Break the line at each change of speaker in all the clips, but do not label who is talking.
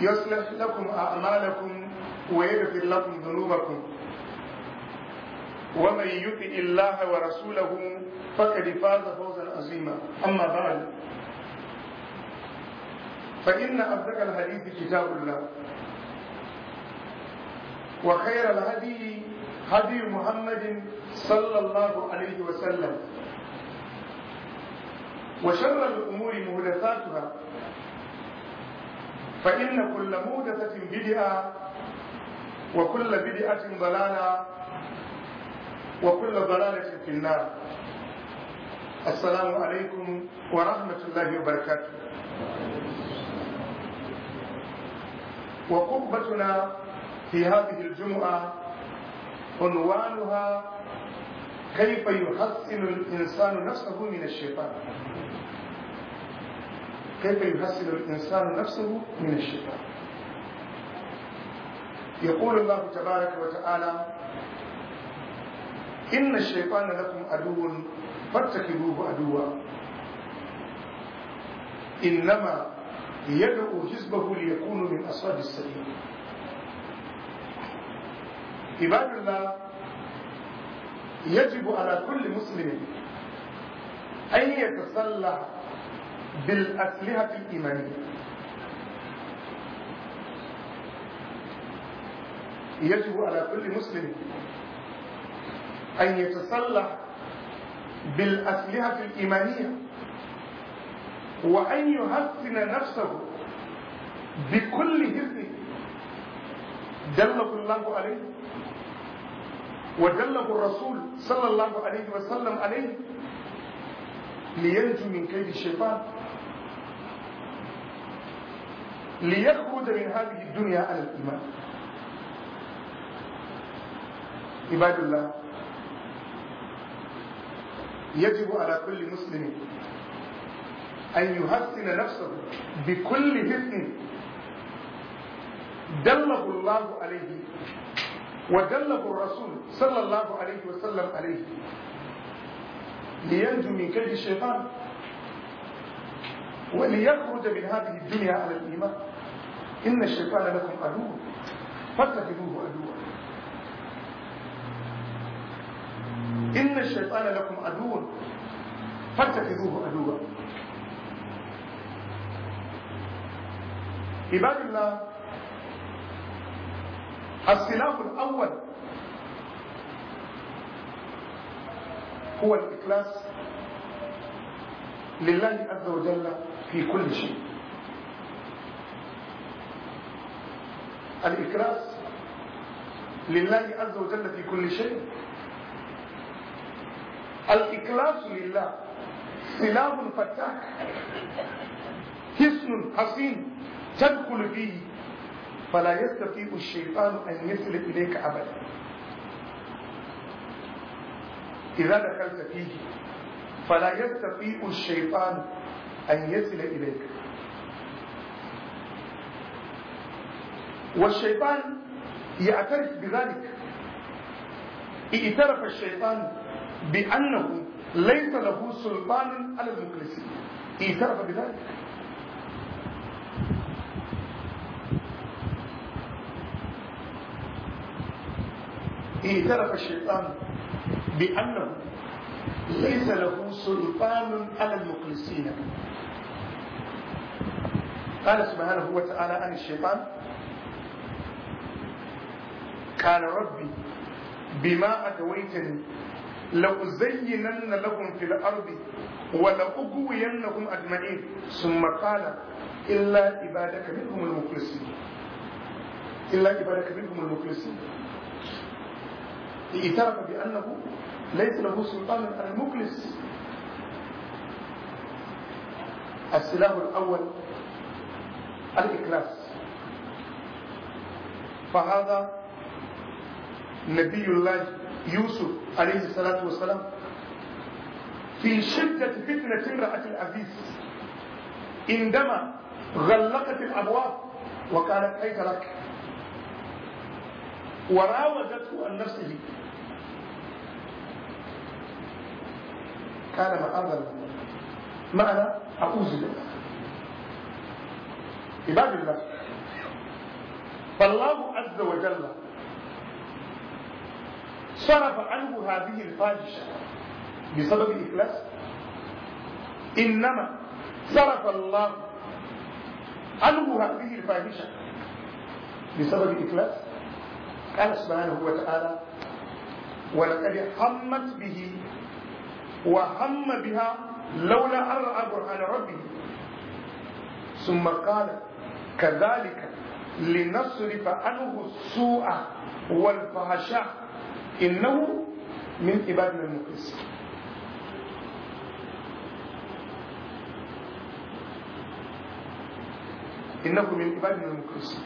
يصلح لكم أعمالكم ويغفر لكم ذنوبكم ومن يطع الله ورسوله فقد فاز فوزا عظيما أما بعد فإن أصدق الحديث كتاب الله وخير الهدي هدي محمد صلى الله عليه وسلم وشر الأمور مهدثاتها فإن كل مودثة بدعة وكل بدعة ضلالة وكل ضلالة في النار السلام عليكم ورحمة الله وبركاته وقبتنا في هذه الجمعة عنوانها كيف يحصن الإنسان نفسه من الشيطان كيف يحسن الإنسان نفسه من الشيطان يقول الله تبارك وتعالى إن الشيطان لكم عدو فاتخذوه عدوا إنما يدعو حزبه ليكونوا من أصحاب السبيل عباد الله يجب على كل مسلم أن يتصلح بالأسلحة الإيمانية يجب على كل مسلم أن يتسلح بالأسلحة الإيمانية وأن يحسن نفسه بكل هزن دله الله عليه ودله الرسول صلى الله عليه وسلم عليه لينجو من كيد الشيطان ليخرج من هذه الدنيا على الإيمان عباد الله يجب على كل مسلم أن يحسن نفسه بكل حسن دله الله عليه ودله الرسول صلى الله عليه وسلم عليه لينجو من كيد الشيطان وليخرج من هذه الدنيا على الإيمان إن الشيطان لكم عدو فاتخذوه عدوا إن الشيطان لكم عدو فاتخذوه عدوا عباد الله السلاح الأول هو الإخلاص لله عز وجل في كل شيء الإكراس لله عز وجل في كل شيء الإكلاس لله سلام فتاك حسن حصين تدخل فيه فلا يستطيع الشيطان أن يصل إليك أبدا إذا دخلت فيه فلا يستطيع الشيطان أن يصل إليك والشيطان يعترف بذلك اعترف الشيطان بأنه ليس له سلطان على المخلصين اعترف بذلك اعترف الشيطان بأنه ليس له سلطان على المخلصين قال سبحانه وتعالى عن الشيطان قال ربي بما أتويتني لأزينن لهم في الأرض ولأغوينهم أجمعين ثم قال إلا عبادك منهم المخلصين إلا عبادك منهم المخلصين اعترف بأنه ليس له سلطان على المخلص السلاح الأول الإخلاص فهذا نبي الله يوسف عليه الصلاة والسلام في شدة فتنة امرأة العزيز عندما غلقت الأبواب وقالت أي لك وراودته عن نفسه قال أرضى ما أنا أعوذ بالله عباد الله فالله عز وجل صرف عنه هذه الفاجشة بسبب الإخلاص إنما صرف الله عنه هذه الفاجشة بسبب الإخلاص قال سبحانه وتعالى ولقد همت به وهم بها لولا أن رأى برهان ربه ثم قال كذلك لنصرف عنه السوء والفحشاء إنه من عبادنا المخلصين إنه من عبادنا المخلصين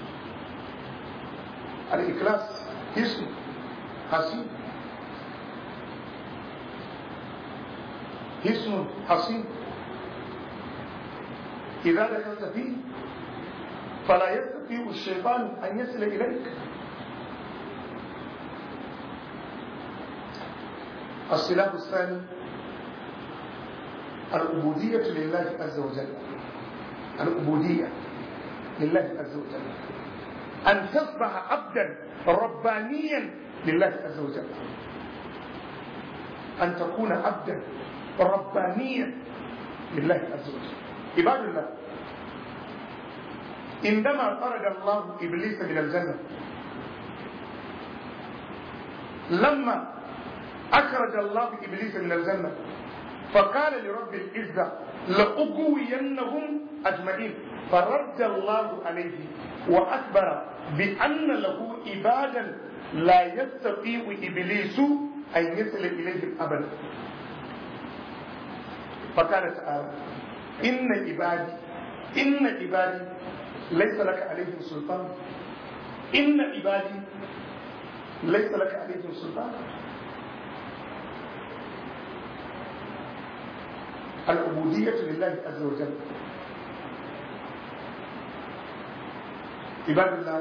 الإخلاص اسم حسين اسم حسين إذا دخلت فيه فلا يستطيع الشيطان أن يصل إليك السلاح الثاني العبودية لله عز وجل العبودية لله عز وجل أن تصبح عبدا ربانيا لله عز وجل أن تكون عبدا ربانيا لله عز وجل عباد الله عندما طرد الله إبليس من الجنة لما أخرج الله إبليس من الجنة فقال لرب العزة لأقوينهم أجمعين فرد الله عليه وأخبر بأن له عبادا لا يستطيع إبليس أن يصل إليهم أبدا فقال تعالى إن عبادي إن عبادي ليس لك عليهم سلطان إن عبادي ليس لك عليهم سلطان العبودية لله عز وجل عباد الله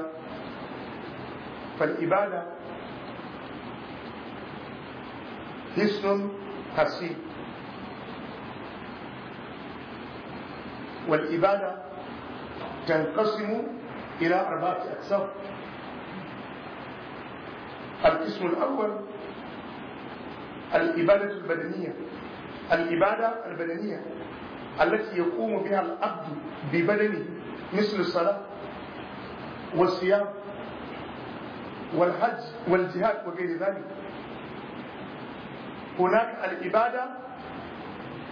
فالعبادة حسن حسين والعبادة تنقسم إلى أربعة أقسام القسم الأول العبادة البدنية الإبادة البدنية التي يقوم بها العبد ببدنه مثل الصلاة والصيام والحج والجهاد وغير ذلك هناك الإبادة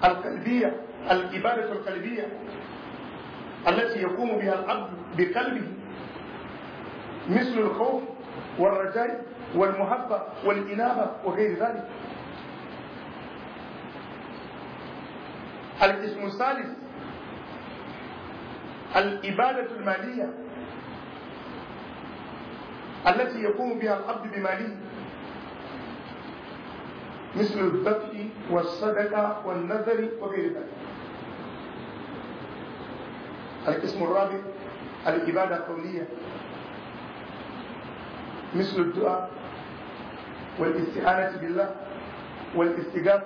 القلبية الإبادة القلبية التي يقوم بها العبد بقلبه مثل الخوف والرجاء والمحبة والإنابة وغير ذلك الاسم الثالث الإبادة المالية التي يقوم بها العبد بماله مثل الذبح والصدقة والنذر وغير ذلك القسم الرابع الإبادة القولية مثل الدعاء والاستعانة بالله والاستجابة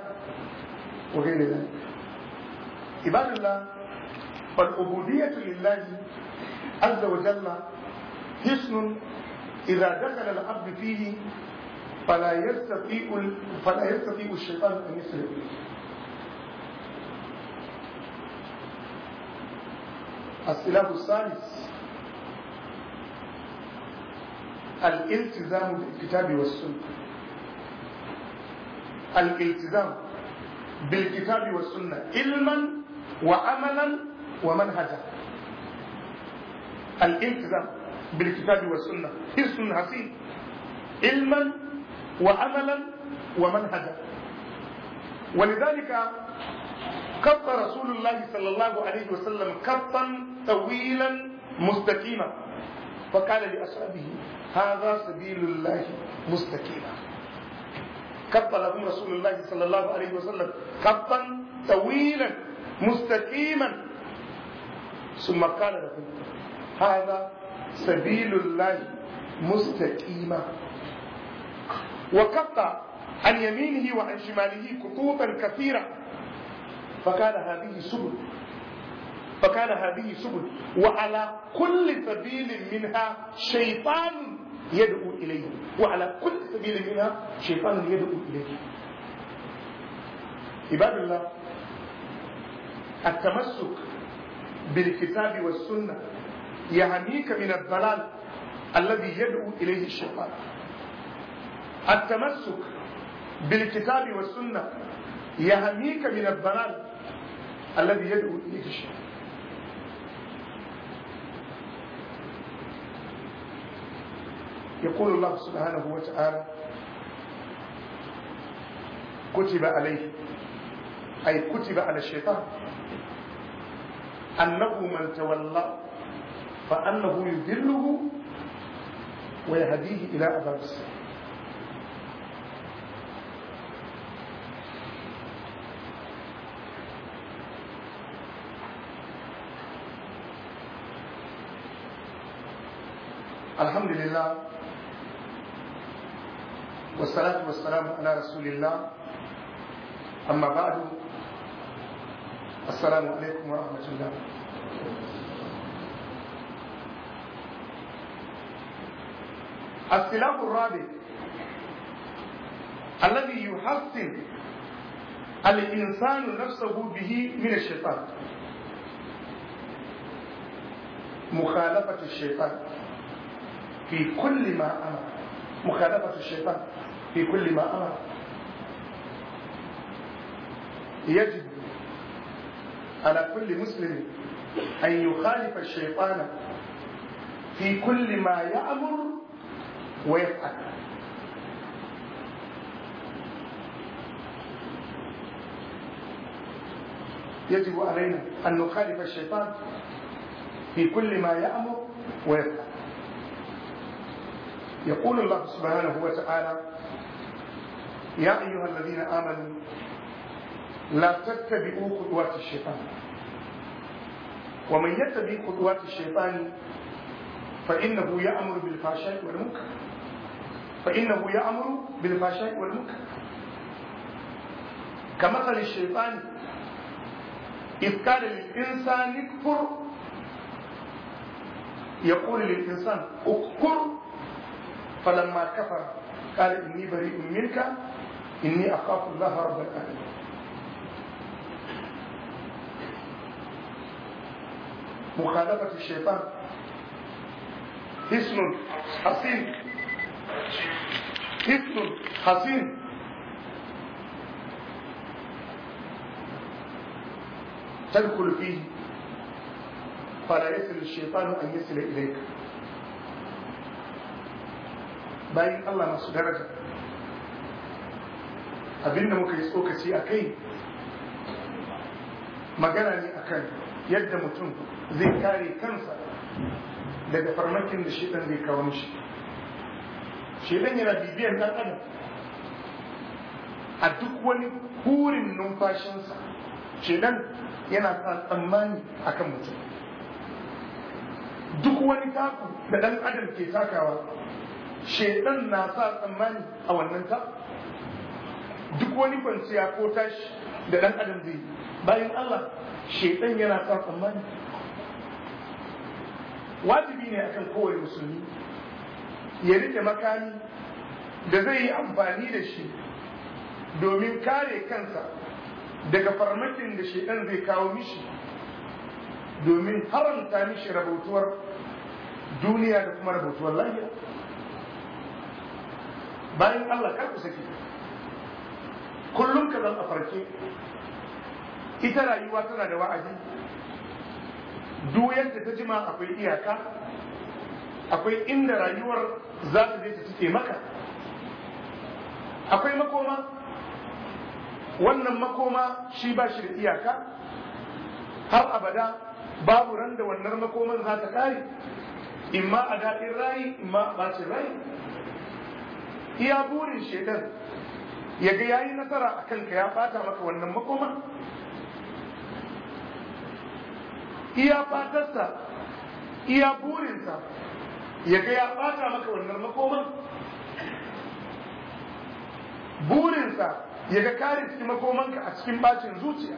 وغير ذلك عباد الله فالعبودية لله عز وجل حسن إذا دخل العبد فيه فلا يستطيع فلا يستطيع الشيطان أن يسلم السلاح الثالث الالتزام بالكتاب والسنة الالتزام بالكتاب والسنة علما وعملا ومنهجا الالتزام بالكتاب والسنة حرص حسين علما وعملا ومنهجا ولذلك كف رسول الله صلى الله عليه وسلم كفا طويلا مستقيما فقال لأصحابه هذا سبيل الله مستقيما كف لهم رسول الله صلى الله عليه وسلم كفا طويلا مستقيما ثم قال لهم هذا سبيل الله مستقيما وقطع عن يمينه وعن شماله خطوطا كثيرة فكان هذه سبل فكان هذه سبل وعلى كل سبيل منها شيطان يدعو إليه وعلى كل سبيل منها شيطان يدعو إليه عباد الله التمسك بالكتاب والسنة يهنيك من الضلال الذي يدعو إليه الشيطان التمسك بالكتاب والسنة يهنيك من الضلال الذي يدعو إليه الشيطان يقول الله سبحانه وتعالى كتب عليه أي كتب على الشيطان أنه من تولى فأنه يذله ويهديه إلى عذاب السلام الحمد لله والصلاة والسلام على رسول الله أما بعد السلام عليكم ورحمة الله السلاح الرابع الذي يحصن الإنسان نفسه به من الشيطان مخالفة الشيطان في كل ما أمر مخالفة الشيطان في كل ما أمر يجب على كل مسلم أن يخالف الشيطان في كل ما يأمر ويفعل يجب علينا أن نخالف الشيطان في كل ما يأمر ويفعل يقول الله سبحانه وتعالى يا أيها الذين آمنوا لا تتبعوا خطوات الشيطان ومن يتبع خطوات الشيطان فإنه يأمر بالفحشاء والمنكر فإنه يأمر بالفحشاء والمنكر كمثل الشيطان إذ قال للإنسان اكفر يقول للإنسان اكفر فلما كفر قال إني بريء منك إني أخاف الله رب العالمين مخالفة الشيطان اسم حصين اسم حصين تدخل فيه فلا يسر الشيطان أن يصل إليك باي الله نفس درجة أبين مك يسوك سيأكي مجالني أكاي يد متنك zai kare kansa daga farmakin da shidan zai kawo shi. shidan yana bibiyar dan adam a duk wani hurin numfashinsa shidan yana tsammani a kan mutum duk wani taku da dan adam ke takawa shidan na sa tsammani a wannan ta duk wani kwanciya ko tashi da dan adam zai bayan Allah shedan yana sa tsammani wajibi ne akan kowane musulmi ya rike makami da zai yi amfani da shi domin kare kansa daga farmakin da shedan zai kawo mishi domin haramta mishi rabautuwar duniya da kuma rabautuwar lahiya bayan Allah kar ku saki kullum ka zan a farke ita rayuwa tana da wa'adi duk yadda ta jima akwai iyaka akwai inda rayuwar za ta je ta cike maka akwai makoma wannan makoma shi ba shi da iyaka har abada babu ran da wannan makoman za ta kare imma a daɗin rayi imma a ɓace rayi iya burin shaidan ya ga yayi nasara a kanka ya ɓata maka wannan makoma iya fatarsa iya burinsa ya ga ya bata maka wannan makoman burinsa ya ga kare cikin makomanka a cikin bacin zuciya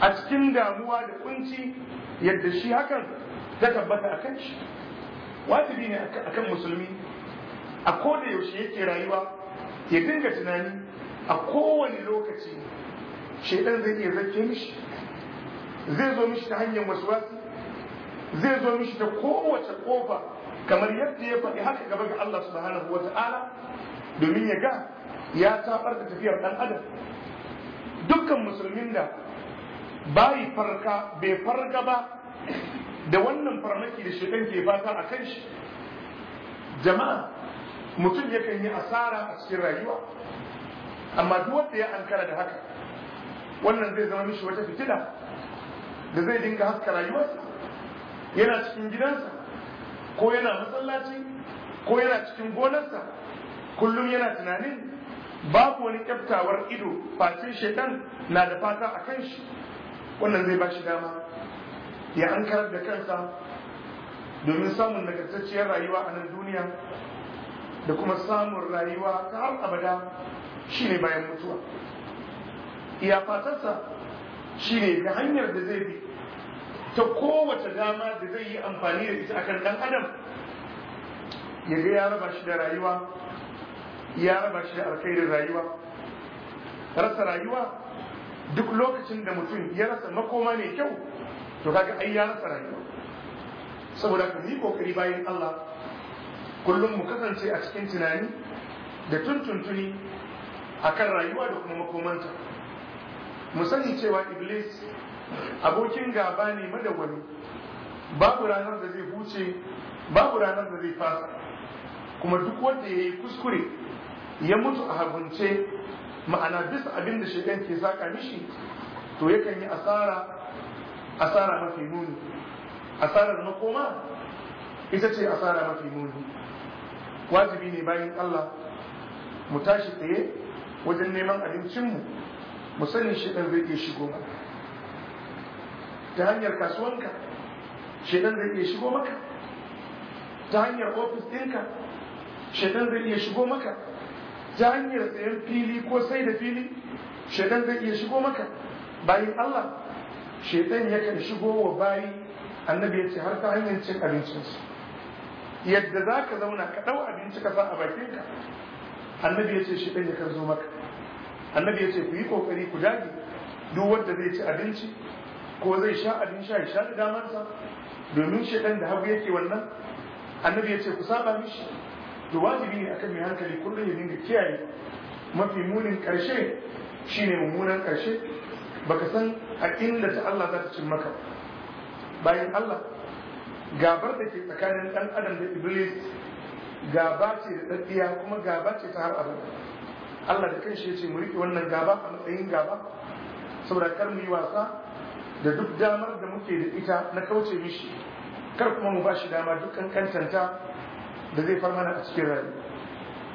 a cikin damuwa da kunci yadda shi hakan ta tabbata a kan shi wajibi ne a kan musulmi a koda yaushe yake rayuwa ya dinga tunani a kowane lokaci shaidan zai iya zake mishi zai zo mishi ta hanyar waswasi zai zo mishi ta kowace kofa kamar yadda ya faɗi haka gaba ga Allah subhanahu wa ta'ala domin ya ga ya tabar da tafiyar ɗan adam dukkan musulmin da bayi farka bai farka ba da wannan farmaki da shekan ke fata a kan shi jama'a mutum yakan yi asara a cikin rayuwa amma duk wanda ya ankara da haka wannan zai zama mishi wata fitila da zai dinga haska rayuwarsa yana cikin gidansa ko yana masallaci ko yana cikin gonarsa kullum yana tunanin babu wani kyaftawar ido fatin shaitan na da fata a kan shi wannan zai ba shi dama ya ankarar da kansa domin samun nagartacciyar rayuwa a nan duniya da kuma samun rayuwa ta har abada Shi ne bayan mutuwa iya fatarsa shine ga hanyar da zai bi ta kowace dama da zai yi amfani da ita akan dan adam ya ga ya raba shi da rayuwa ya raba shi da alkhairin rayuwa rasa rayuwa duk lokacin da mutum ya rasa makoma mai kyau to kaga ai ya rasa rayuwa saboda ka yi kokari bayan Allah kullum mu kasance a cikin tunani da tuntuntuni akan rayuwa da kuma makomanta mu sani cewa iblis abokin gaba ne madawani babu ranar da zai huce babu ranar da zai fasa kuma duk wanda ya yi kuskure ya mutu a hagunce ma'ana bisa abin da shekan ke saka mishi to yakan yi asara asara mafi muni asarar makoma ita ce asara mafi muni wajibi ne bayan Allah mu tashi tsaye wajen neman abincinmu mu shi ɗan zai iya shigo maka ta hanyar kasuwanka ɗan zai iya shigo maka ta hanyar ofis ɗinka ɗan zai iya shigo maka ta hanyar sayan fili ko sai da fili shi ɗan zai iya shigo maka bayan Allah shi ɗan yakan shigo wa bayi annabi ya ce har ta hanyar cin abincinsu yadda za ka zauna ka ɗau abinci ka sa a bakinka annabi ya ce ɗan yakan zo maka annabi ya ce ku yi kokari ku dage duk wanda zai ci abinci ko zai sha abin sha ya sha da damarsa domin shaidan da hagu yake wannan annabi ya ce ku saba mishi to wajibi ne akan mai hankali kullum ya dinga kiyaye mafi munin karshe shine mummunan karshe baka san a inda ta Allah za ta cin maka bayan Allah gabar da ke tsakanin dan adam da iblis gaba ce da tsaddiya kuma gaba ce ta har abada Allah da kanshi ya ce mu riƙe wannan gaba a matsayin gaba saboda kar mu yi wasa da duk damar da muke da ita na kauce mishi kar kuma mu bashi dama duk kankantanta da zai far mana a cikin rayu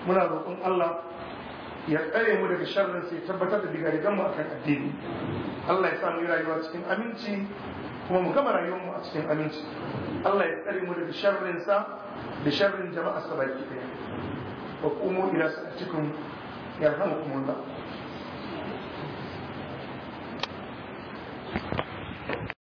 muna roƙon Allah ya tsare mu daga sharrin sai tabbatar da rigar mu akan addini Allah ya sa mu rayuwa cikin aminci kuma mu gama rayuwar mu a cikin aminci Allah ya tsare mu daga sharrin sa da sharrin jama'a sabaki ɗaya wa kuma ila sa'atikum يرحمكم الله